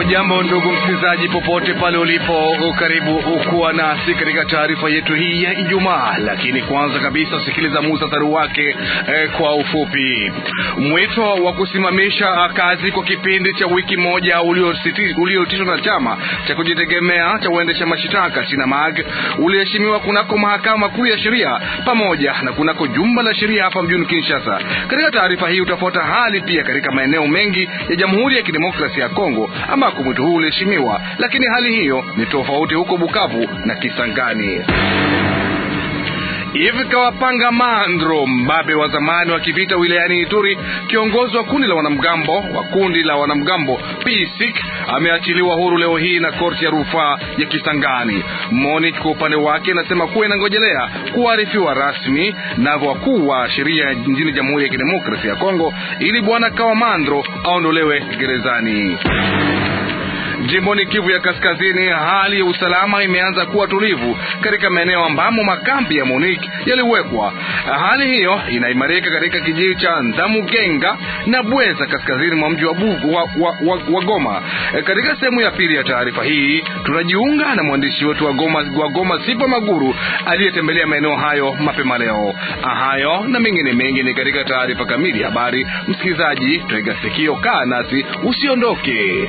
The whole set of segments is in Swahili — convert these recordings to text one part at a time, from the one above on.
Ujambo ndugu msikilizaji, popote pale ulipo, karibu ukuwa nasi katika taarifa yetu hii ya Ijumaa. Lakini kwanza kabisa, sikiliza muhtasari wake eh, kwa ufupi. Mwito wa kusimamisha kazi kwa kipindi cha wiki moja ulioitishwa na chama cha kujitegemea cha uendesha mashitaka Sinamag uliheshimiwa kunako mahakama kuu ya sheria pamoja na kunako jumba la sheria hapa mjini Kinshasa. Katika taarifa hii utafuata hali pia katika maeneo mengi ya Jamhuri ya Kidemokrasia ya Kongo ama ambako mwitu huu uliheshimiwa, lakini hali hiyo ni tofauti huko Bukavu na Kisangani. Ivika kawapanga Mandro, mbabe wa zamani wa kivita wilayani Ituri, kiongozi wa kundi la wanamgambo wa kundi la wanamgambo PSIC ameachiliwa huru leo hii na korti ya rufaa ya Kisangani. MONUC kwa upande wake inasema kuwa inangojelea kuarifiwa rasmi na wakuu wa sheria nchini Jamhuri ya Kidemokrasia ya Kongo ili bwana Kawa Mandro aondolewe gerezani. Jimboni Kivu ya Kaskazini, hali ya usalama imeanza kuwa tulivu katika maeneo ambamo makambi ya MONUC yaliwekwa. Hali hiyo inaimarika katika kijiji cha Ndamugenga na Bweza, kaskazini mwa mji wa, wa, wa, wa Goma. E, katika sehemu ya pili ya taarifa hii tunajiunga na mwandishi wetu wa Goma, wa Goma Sipa Maguru aliyetembelea maeneo hayo mapema leo. Hayo na mengine mengi ni katika taarifa kamili habari. Msikilizaji, tega sikio, kaa nasi, usiondoke.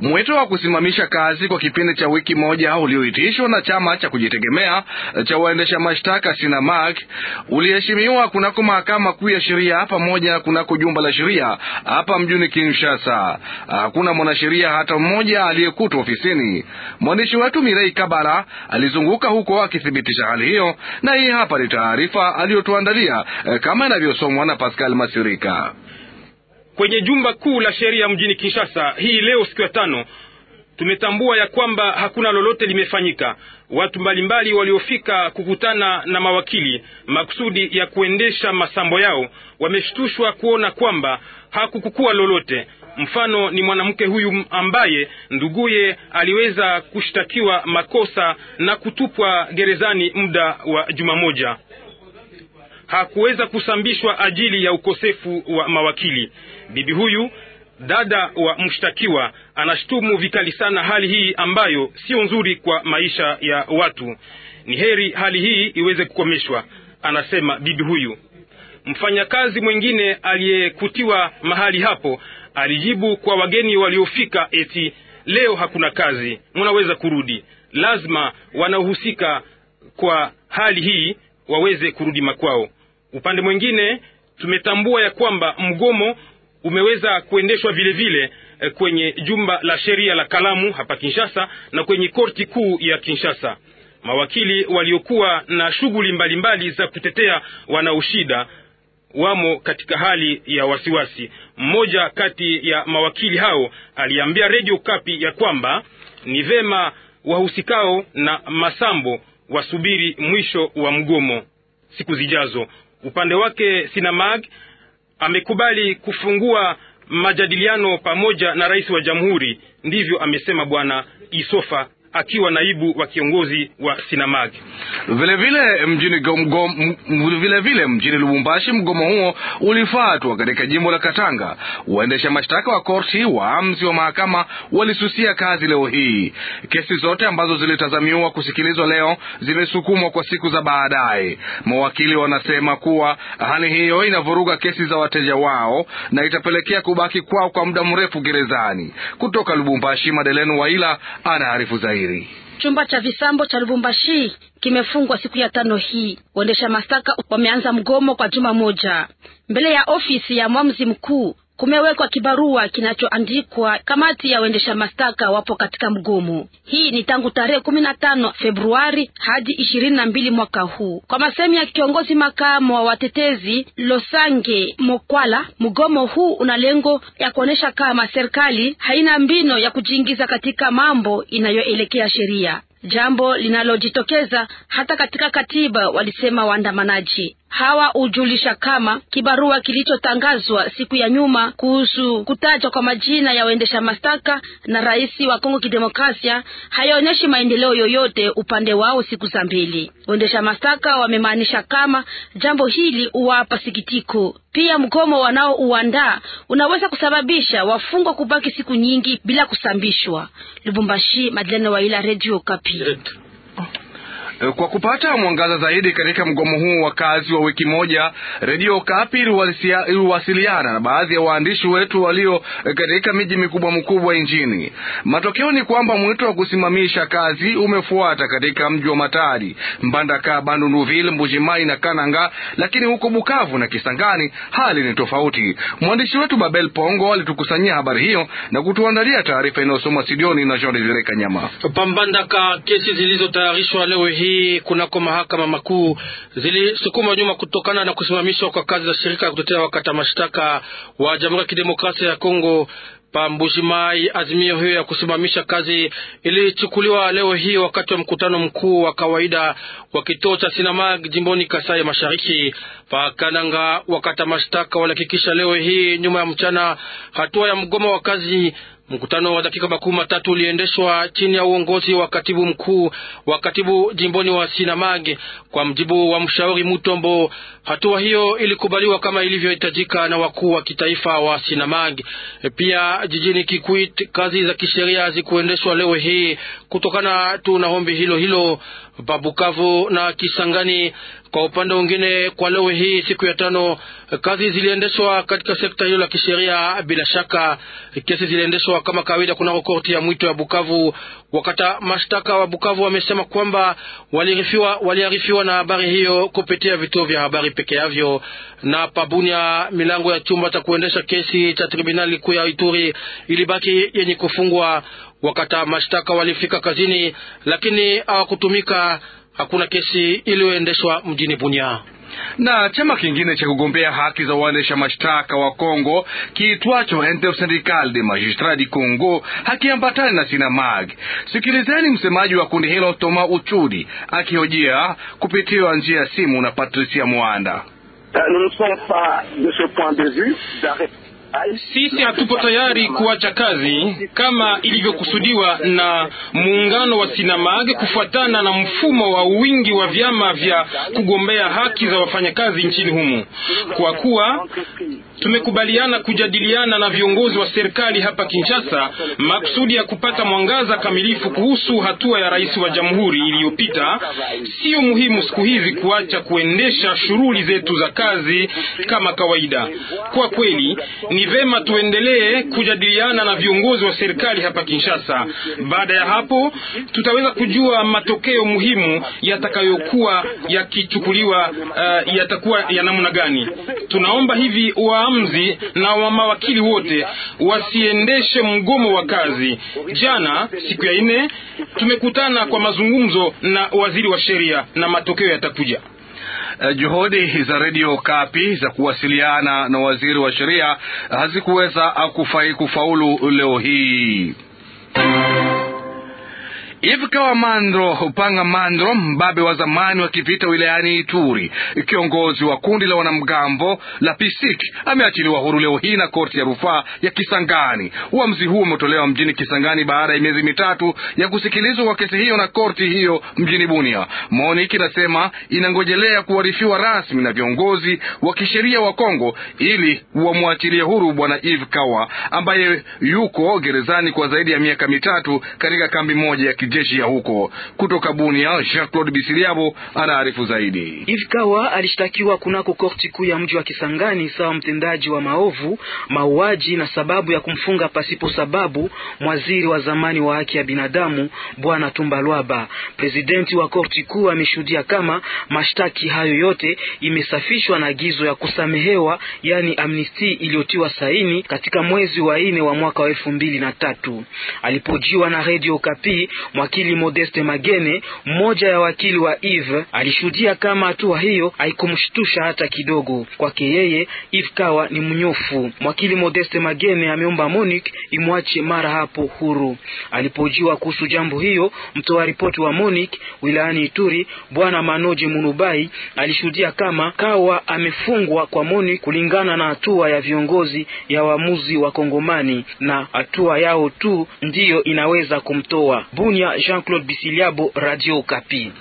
Mwito wa kusimamisha kazi kwa kipindi cha wiki moja ulioitishwa na chama cha kujitegemea cha waendesha mashtaka Sinamak uliheshimiwa kunako mahakama kuu ya sheria pamoja na kunako jumba la sheria hapa mjini Kinshasa. Hakuna mwanasheria hata mmoja aliyekutwa ofisini. Mwandishi wetu Mirei Kabara alizunguka huko akithibitisha hali hiyo, na hii hapa ni taarifa aliyotuandalia eh, kama inavyosomwa na Pascal Masirika kwenye jumba kuu la sheria mjini Kinshasa hii leo siku ya tano tumetambua ya kwamba hakuna lolote limefanyika. Watu mbalimbali waliofika kukutana na mawakili makusudi ya kuendesha masambo yao wameshtushwa kuona kwamba hakukukua lolote. Mfano ni mwanamke huyu ambaye nduguye aliweza kushtakiwa makosa na kutupwa gerezani muda wa juma moja hakuweza kusambishwa ajili ya ukosefu wa mawakili. Bibi huyu dada wa mshtakiwa anashutumu vikali sana hali hii ambayo sio nzuri kwa maisha ya watu. Ni heri hali hii iweze kukomeshwa, anasema bibi huyu. Mfanyakazi mwingine aliyekutiwa mahali hapo alijibu kwa wageni waliofika eti leo hakuna kazi, mnaweza kurudi. Lazima wanaohusika kwa hali hii waweze kurudi makwao. Upande mwingine, tumetambua ya kwamba mgomo umeweza kuendeshwa vile vile eh, kwenye jumba la sheria la Kalamu hapa Kinshasa na kwenye korti kuu ya Kinshasa. Mawakili waliokuwa na shughuli mbalimbali za kutetea wanaoshida wamo katika hali ya wasiwasi. Mmoja kati ya mawakili hao aliambia Radio Kapi ya kwamba ni vema wahusikao na masambo wasubiri mwisho wa mgomo siku zijazo. Upande wake Sinamag amekubali kufungua majadiliano pamoja na rais wa jamhuri, ndivyo amesema bwana Isofa akiwa naibu wa kiongozi wa Sinamag. Vilevile mjini Gomgom, vile vile mjini Lubumbashi, mgomo huo ulifuatwa katika jimbo la Katanga. Waendesha mashtaka wa korti, waamzi wa mahakama walisusia kazi leo hii. Kesi zote ambazo zilitazamiwa kusikilizwa leo zimesukumwa kwa siku za baadaye. Mawakili wanasema kuwa hali hiyo inavuruga kesi za wateja wao na itapelekea kubaki kwao kwa muda mrefu gerezani. Kutoka Lubumbashi, Madeleine Waila anaarifu zaidi siri. Chumba cha visambo cha Lubumbashi kimefungwa siku ya tano hii. Waendesha mashtaka wameanza mgomo kwa juma moja mbele ya ofisi ya mwamzi mkuu kumewekwa kibarua kinachoandikwa kamati ya waendesha mashtaka wapo katika mgomo. Hii ni tangu tarehe kumi na tano Februari hadi ishirini na mbili mwaka huu. Kwa masemi ya kiongozi makamu wa watetezi Losange Mokwala, mgomo huu una lengo ya kuonyesha kama serikali haina mbino ya kujiingiza katika mambo inayoelekea sheria, jambo linalojitokeza hata katika katiba, walisema waandamanaji. Hawa hujulisha kama kibarua kilichotangazwa siku ya nyuma kuhusu kutajwa kwa majina ya waendesha mashtaka na rais wa Kongo Kidemokrasia hayaonyeshi maendeleo yoyote upande wao siku za mbili Waendesha mashtaka wamemaanisha kama jambo hili huwapa sikitiko. Pia mgomo wanaouandaa unaweza kusababisha wafungwa kubaki siku nyingi bila kusambishwa. Lubumbashi, Madeleine Waila, Radio Kapi. Eh, kwa kupata mwangaza zaidi katika mgomo huu wa kazi wa wiki moja, Redio Kapi iliwasiliana na baadhi ya waandishi wetu walio eh, katika miji mikubwa mikubwa nchini. Matokeo ni kwamba mwito wa kusimamisha kazi umefuata katika mji wa Matadi, Mbandaka, Bandunuville, Mbujimai na Kananga, lakini huko Bukavu na Kisangani hali ni tofauti. Mwandishi wetu Babel Pongo alitukusanyia habari hiyo na kutuandalia taarifa inayosoma studioni na Jean Desire Kanyama. Pambandaka, kesi zilizotayarishwa leo hii kunako mahakama makuu zilisukuma nyuma kutokana na kusimamishwa kwa kazi za shirika ya kutetea wakata mashtaka wa Jamhuri ya Kidemokrasia ya Kongo Pambujimai. Azimio hiyo ya kusimamisha kazi ilichukuliwa leo hii wakati wa mkutano mkuu wa kawaida wa kituo cha Sinamag jimboni Kasai Mashariki pakananga. Wakata mashtaka walihakikisha leo hii nyuma ya mchana hatua ya mgomo wa kazi Mkutano wa dakika makumi matatu uliendeshwa chini ya uongozi wa katibu mkuu wa katibu jimboni wa sinamag Kwa mjibu wa mshauri Mutombo, hatua hiyo ilikubaliwa kama ilivyohitajika na wakuu wa kitaifa wa sinamag Pia jijini Kikwit kazi za kisheria zikuendeshwa leo hii kutokana tu na ombi hilo hilo. Pabukavu na Kisangani. Kwa upande mwingine, kwa leo hii siku ya tano, kazi ziliendeshwa katika sekta hiyo la kisheria. Bila shaka kesi ziliendeshwa kama kawaida kunako korti ya mwito ya Bukavu. Wakata mashtaka wa Bukavu wamesema kwamba waliarifiwa waliarifiwa na habari hiyo kupitia vituo vya habari peke yavyo. Na Pabunia, milango ya chumba cha kuendesha kesi cha tribunali kuu ya Ituri ilibaki yenye kufungwa. Wakata mashtaka walifika kazini, lakini hawakutumika. Hakuna kesi iliyoendeshwa mjini Bunya na chama kingine cha kugombea haki za waendesha mashtaka wa congo kiitwacho Ente Syndical de Magistrat du Congo hakiambatani na Sinamag. Sikilizeni msemaji wa kundi hilo Toma Uchudi akihojea kupitiwa njia ya simu na Patricia Mwanda. Euh, sisi hatupo tayari kuacha kazi kama ilivyokusudiwa na muungano wa Sinamag kufuatana na mfumo wa wingi wa vyama vya kugombea haki za wafanyakazi nchini humu, kwa kuwa tumekubaliana kujadiliana na viongozi wa serikali hapa Kinshasa maksudi ya kupata mwangaza kamilifu kuhusu hatua ya rais wa jamhuri iliyopita. Sio muhimu siku hizi kuacha kuendesha shughuli zetu za kazi kama kawaida. Kwa kweli ni ni vema tuendelee kujadiliana na viongozi wa serikali hapa Kinshasa. Baada ya hapo, tutaweza kujua matokeo muhimu yatakayokuwa yakichukuliwa, uh, yatakuwa ya namna gani. Tunaomba hivi waamzi na wa mawakili wote wasiendeshe mgomo wa kazi. Jana siku ya nne tumekutana kwa mazungumzo na waziri wa sheria na matokeo yatakuja. Eh, juhudi za redio Kapi za kuwasiliana na waziri wa sheria hazikuweza kufaulu leo hii. Ivkawa Mandro Upanga Mandro, mbabe wa zamani wa kivita wilayani Ituri, kiongozi wa kundi la wanamgambo la Pisiki, ameachiliwa huru leo hii na korti ya rufaa ya Kisangani. Uamuzi huo umetolewa mjini Kisangani baada ya miezi mitatu ya kusikilizwa kwa kesi hiyo na korti hiyo mjini Bunia. Moniki inasema inangojelea kuarifiwa rasmi na viongozi wa kisheria wa Kongo ili wamwachilie huru bwana Ivkawa ambaye yuko gerezani kwa zaidi ya miaka mitatu katika kambi moja ya majeshi ya huko. Kutoka Bunia, Jean Claude Bisiliabo anaarifu zaidi. Ifkawa alishtakiwa kunako korti kuu ya mji wa Kisangani sawa mtendaji wa maovu, mauaji na sababu ya kumfunga pasipo sababu mwaziri wa zamani wa haki ya binadamu Bwana Tumbalwaba. Presidenti wa korti kuu ameshuhudia kama mashtaki hayo yote imesafishwa na agizo ya kusamehewa, yani amnisti iliyotiwa saini katika mwezi wa nne wa mwaka wa elfu mbili na tatu alipojiwa na Radio Kapi. Wakili Modeste Magene, mmoja ya wakili wa Eve, alishuhudia kama hatua hiyo haikumshtusha hata kidogo. Kwake yeye Eve Kawa ni mnyofu. Mwakili Modeste Magene ameomba Monique imwache mara hapo huru. Alipojiwa kuhusu jambo hiyo, mtoa ripoti wa Monique wilayani Ituri Bwana Manoje Munubai alishuhudia kama Kawa amefungwa kwa Monique kulingana na hatua ya viongozi ya waamuzi wa Kongomani, na hatua yao tu ndiyo inaweza kumtoa Bunya. Jean-Claude Bisiliabo, Radio Kapi.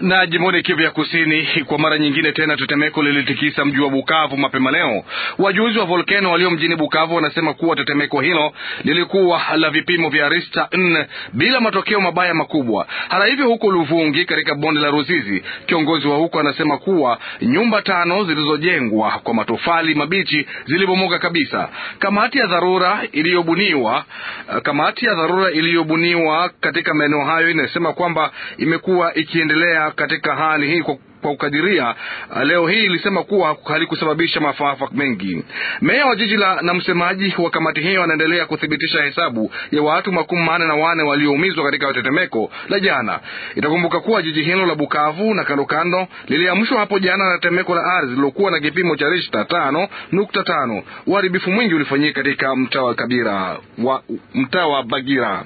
Na jimboni Kivu ya Kusini, kwa mara nyingine tena tetemeko lilitikisa mji wa Bukavu mapema leo. Wajuzi wa volkeno walio mjini Bukavu wanasema kuwa tetemeko hilo lilikuwa la vipimo vya rista 4 bila matokeo mabaya makubwa. Hata hivyo, huko Luvungi katika bonde la Ruzizi, kiongozi wa huko anasema kuwa nyumba tano zilizojengwa kwa matofali mabichi zilibomoka kabisa. Kamati ya dharura iliyobuniwa eh, kamati ya dharura iliyobuniwa katika maeneo maeneo hayo inasema kwamba imekuwa ikiendelea katika hali hii kwa kwa kukadiria ah, leo hii ilisema kuwa halikusababisha mafaafa mengi. Meya wa jiji la na msemaji wa kamati hiyo anaendelea kuthibitisha hesabu ya watu makumi manne na wane walioumizwa katika tetemeko la jana. Itakumbuka kuwa jiji hilo la Bukavu na kandokando liliamshwa hapo jana na tetemeko la ardhi lilokuwa na kipimo cha rishta tano nukta tano. Uharibifu mwingi ulifanyika katika mtaa wa Kabira wa mtaa wa Bagira.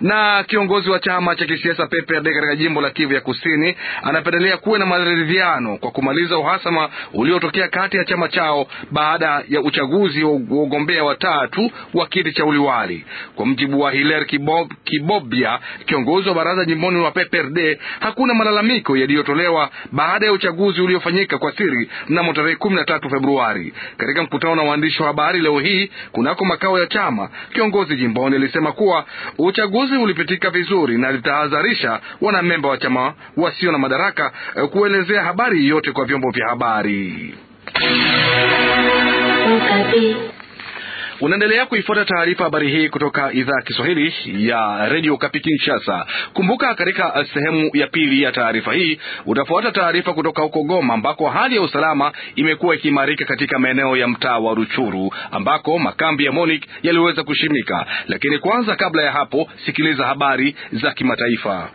Na kiongozi wa chama cha kisiasa PPRD katika jimbo la Kivu ya Kusini anapendelea kuwe na maridhiano kwa kumaliza uhasama uliotokea kati ya chama chao baada ya uchaguzi wa ugombea watatu wa kiti cha uliwali. Kwa mjibu wa Hiler Kibob, Kibobia, kiongozi wa baraza jimboni wa PPRD, hakuna malalamiko yaliyotolewa baada ya uchaguzi uliofanyika kwa siri mnamo tarehe 13 Februari. Katika mkutano na waandishi wa habari leo hii kunako makao ya chama, kiongozi jimboni alisema kuwa uchaguzi ulipitika vizuri na litahadharisha wanamemba wa chama wasio na madaraka eh, kuelezea habari yote kwa vyombo vya habari. Unaendelea kuifuata taarifa habari hii kutoka idhaa ya Kiswahili ya redio kapi Kinshasa. Kumbuka, katika sehemu ya pili ya taarifa hii utafuata taarifa kutoka huko Goma ambako hali ya usalama imekuwa ikiimarika katika maeneo ya mtaa wa Ruchuru ambako makambi ya MONUC yaliweza kushimika. Lakini kwanza, kabla ya hapo, sikiliza habari za kimataifa.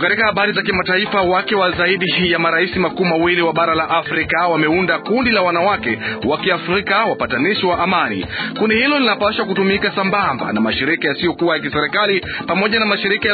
Katika habari za kimataifa, wake wa zaidi ya marais makuu mawili wa bara la Afrika wameunda kundi la wanawake wa Kiafrika wapatanishi wa amani. Kundi hilo linapaswa kutumika sambamba na mashirika yasiyokuwa ya kiserikali pamoja na mashirika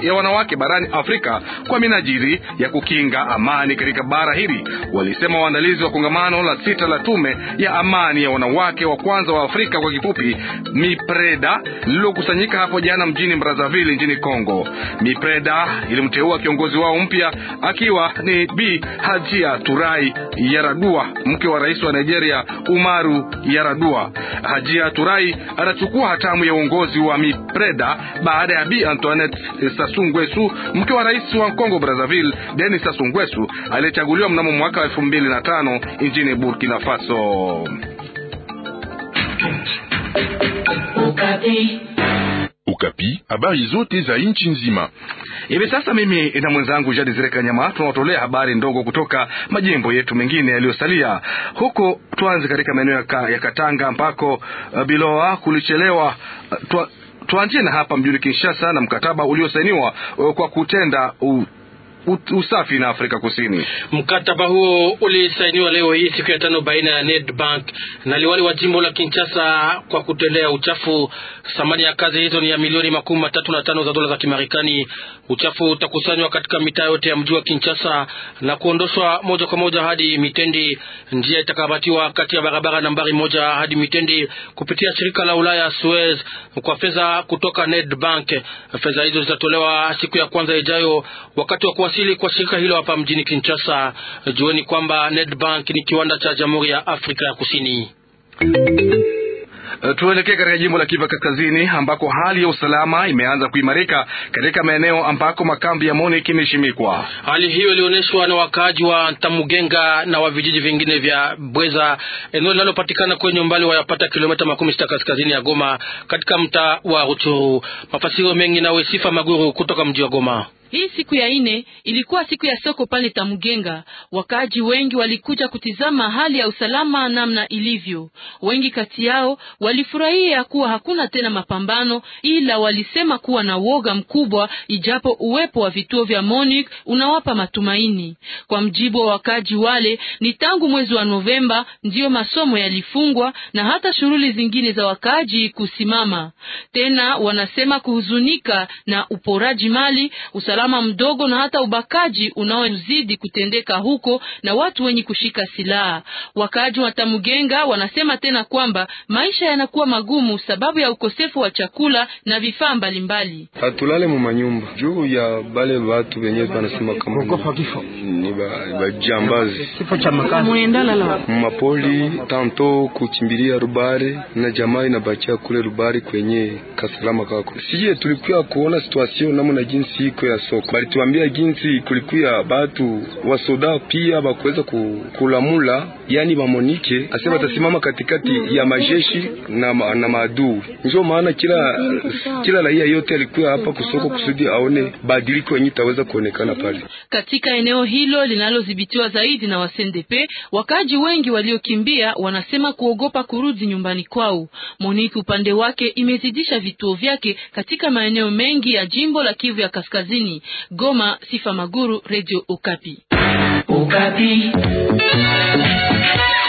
ya wanawake barani Afrika kwa minajili ya kukinga amani katika bara hili, walisema waandalizi wa kongamano la sita la tume ya amani ya wanawake wa kwanza wa Afrika kwa kifupi MIPREDA lililokusanyika hapo jana mjini Brazzaville nchini Kongo. MIPREDA ilimteua kiongozi wao mpya akiwa ni Bi Hajia Turai Yaradua, mke wa rais wa Nigeria Umaru Yaradua. Hajia Turai anachukua hatamu ya uongozi wa Mipreda baada ya Bi Antoinette Sassou Nguesso, mke wa rais wa Kongo Brazzaville Denis Sassou Nguesso aliyechaguliwa mnamo mwaka wa elfu mbili na tano nchini Burkina Faso. Ukapi, habari zote za nchi nzima Hivi sasa mimi na mwenzangu Jadi Zire Kanyama tunawatolea habari ndogo kutoka majimbo yetu mengine yaliyosalia. Huko tuanze katika maeneo ya, ya Katanga ambako uh, Biloa kulichelewa uh, tuanzie na hapa mjini Kinshasa na mkataba uliosainiwa uh, kwa kutenda uh, usafi na Afrika Kusini. Mkataba huo ulisainiwa leo hii siku ya tano baina ya Nedbank na liwali wa jimbo la Kinshasa kwa kutolea uchafu Thamani ya kazi hizo ni ya milioni makumi matatu na tano za dola za Kimarekani. Uchafu utakusanywa katika mitaa yote ya mji wa Kinshasa na kuondoshwa moja kwa moja hadi Mitendi. Njia itakabatiwa kati ya barabara nambari moja hadi Mitendi kupitia shirika la Ulaya Suez kwa fedha kutoka Ned Bank. Fedha hizo zitatolewa siku ya kwanza ijayo wakati wa kuwasili kwa shirika hilo hapa mjini Kinshasa. Jueni kwamba Ned Bank ni kiwanda cha Jamhuri ya Afrika ya Kusini. Eh, tuelekee katika jimbo la Kivu Kaskazini ambako hali ya usalama imeanza kuimarika katika maeneo ambako makambi ya MONUC imeshimikwa. Hali hiyo ilionyeshwa na wakaaji wa tamugenga na wa vijiji vingine vya Bweza, eneo linalopatikana kwenye umbali wayapata kilomita makumi sita kaskazini ya Goma, katika mtaa wa Ruchuru. Mafasiro mengi nawesifa Maguru kutoka mji wa Goma. Hii siku ya ine ilikuwa siku ya soko pale Tamugenga. Wakaaji wengi walikuja kutizama hali ya usalama namna ilivyo. Wengi kati yao walifurahia kuwa hakuna tena mapambano, ila walisema kuwa na woga mkubwa, ijapo uwepo wa vituo vya MONUC unawapa matumaini. Kwa mjibu wa wakaaji wale, ni tangu mwezi wa Novemba ndiyo masomo yalifungwa na hata shughuli zingine za wakaaji kusimama tena. Wanasema kuhuzunika na uporaji mali usalama usalama mdogo na hata ubakaji unaozidi kutendeka huko na watu wenye kushika silaha. Wakaaji wa Tamugenga wanasema tena kwamba maisha yanakuwa magumu sababu ya ukosefu wa chakula na vifaa mbalimbali. Hatulale mu manyumba juu ya bale watu wenyewe wanasema kama ni bajambazi ba mapoli tanto kuchimbilia Rubare na jamaa inabakia kule Rubare kwenye kasalama kako. Sije tulikuwa kuona situation namna jinsi iko ya so soko. Balituambia jinsi kulikuya batu wa soda pia bakuweza kulamula yani bamonike ase batasimama katikati ya majeshi na, na maadui. Njo maana kila kila raia yote alikuya hapa kusoko kusudi aone badiliko yenye itaweza kuonekana pale katika eneo hilo linalodhibitiwa zaidi na wasendepe. Wakaji wengi waliokimbia wanasema kuogopa kurudi nyumbani kwao. Moniki upande wake imezidisha vituo vyake katika maeneo mengi ya jimbo la Kivu ya Kaskazini. Goma, Sifa Maguru, Radio Okapi. Okapi.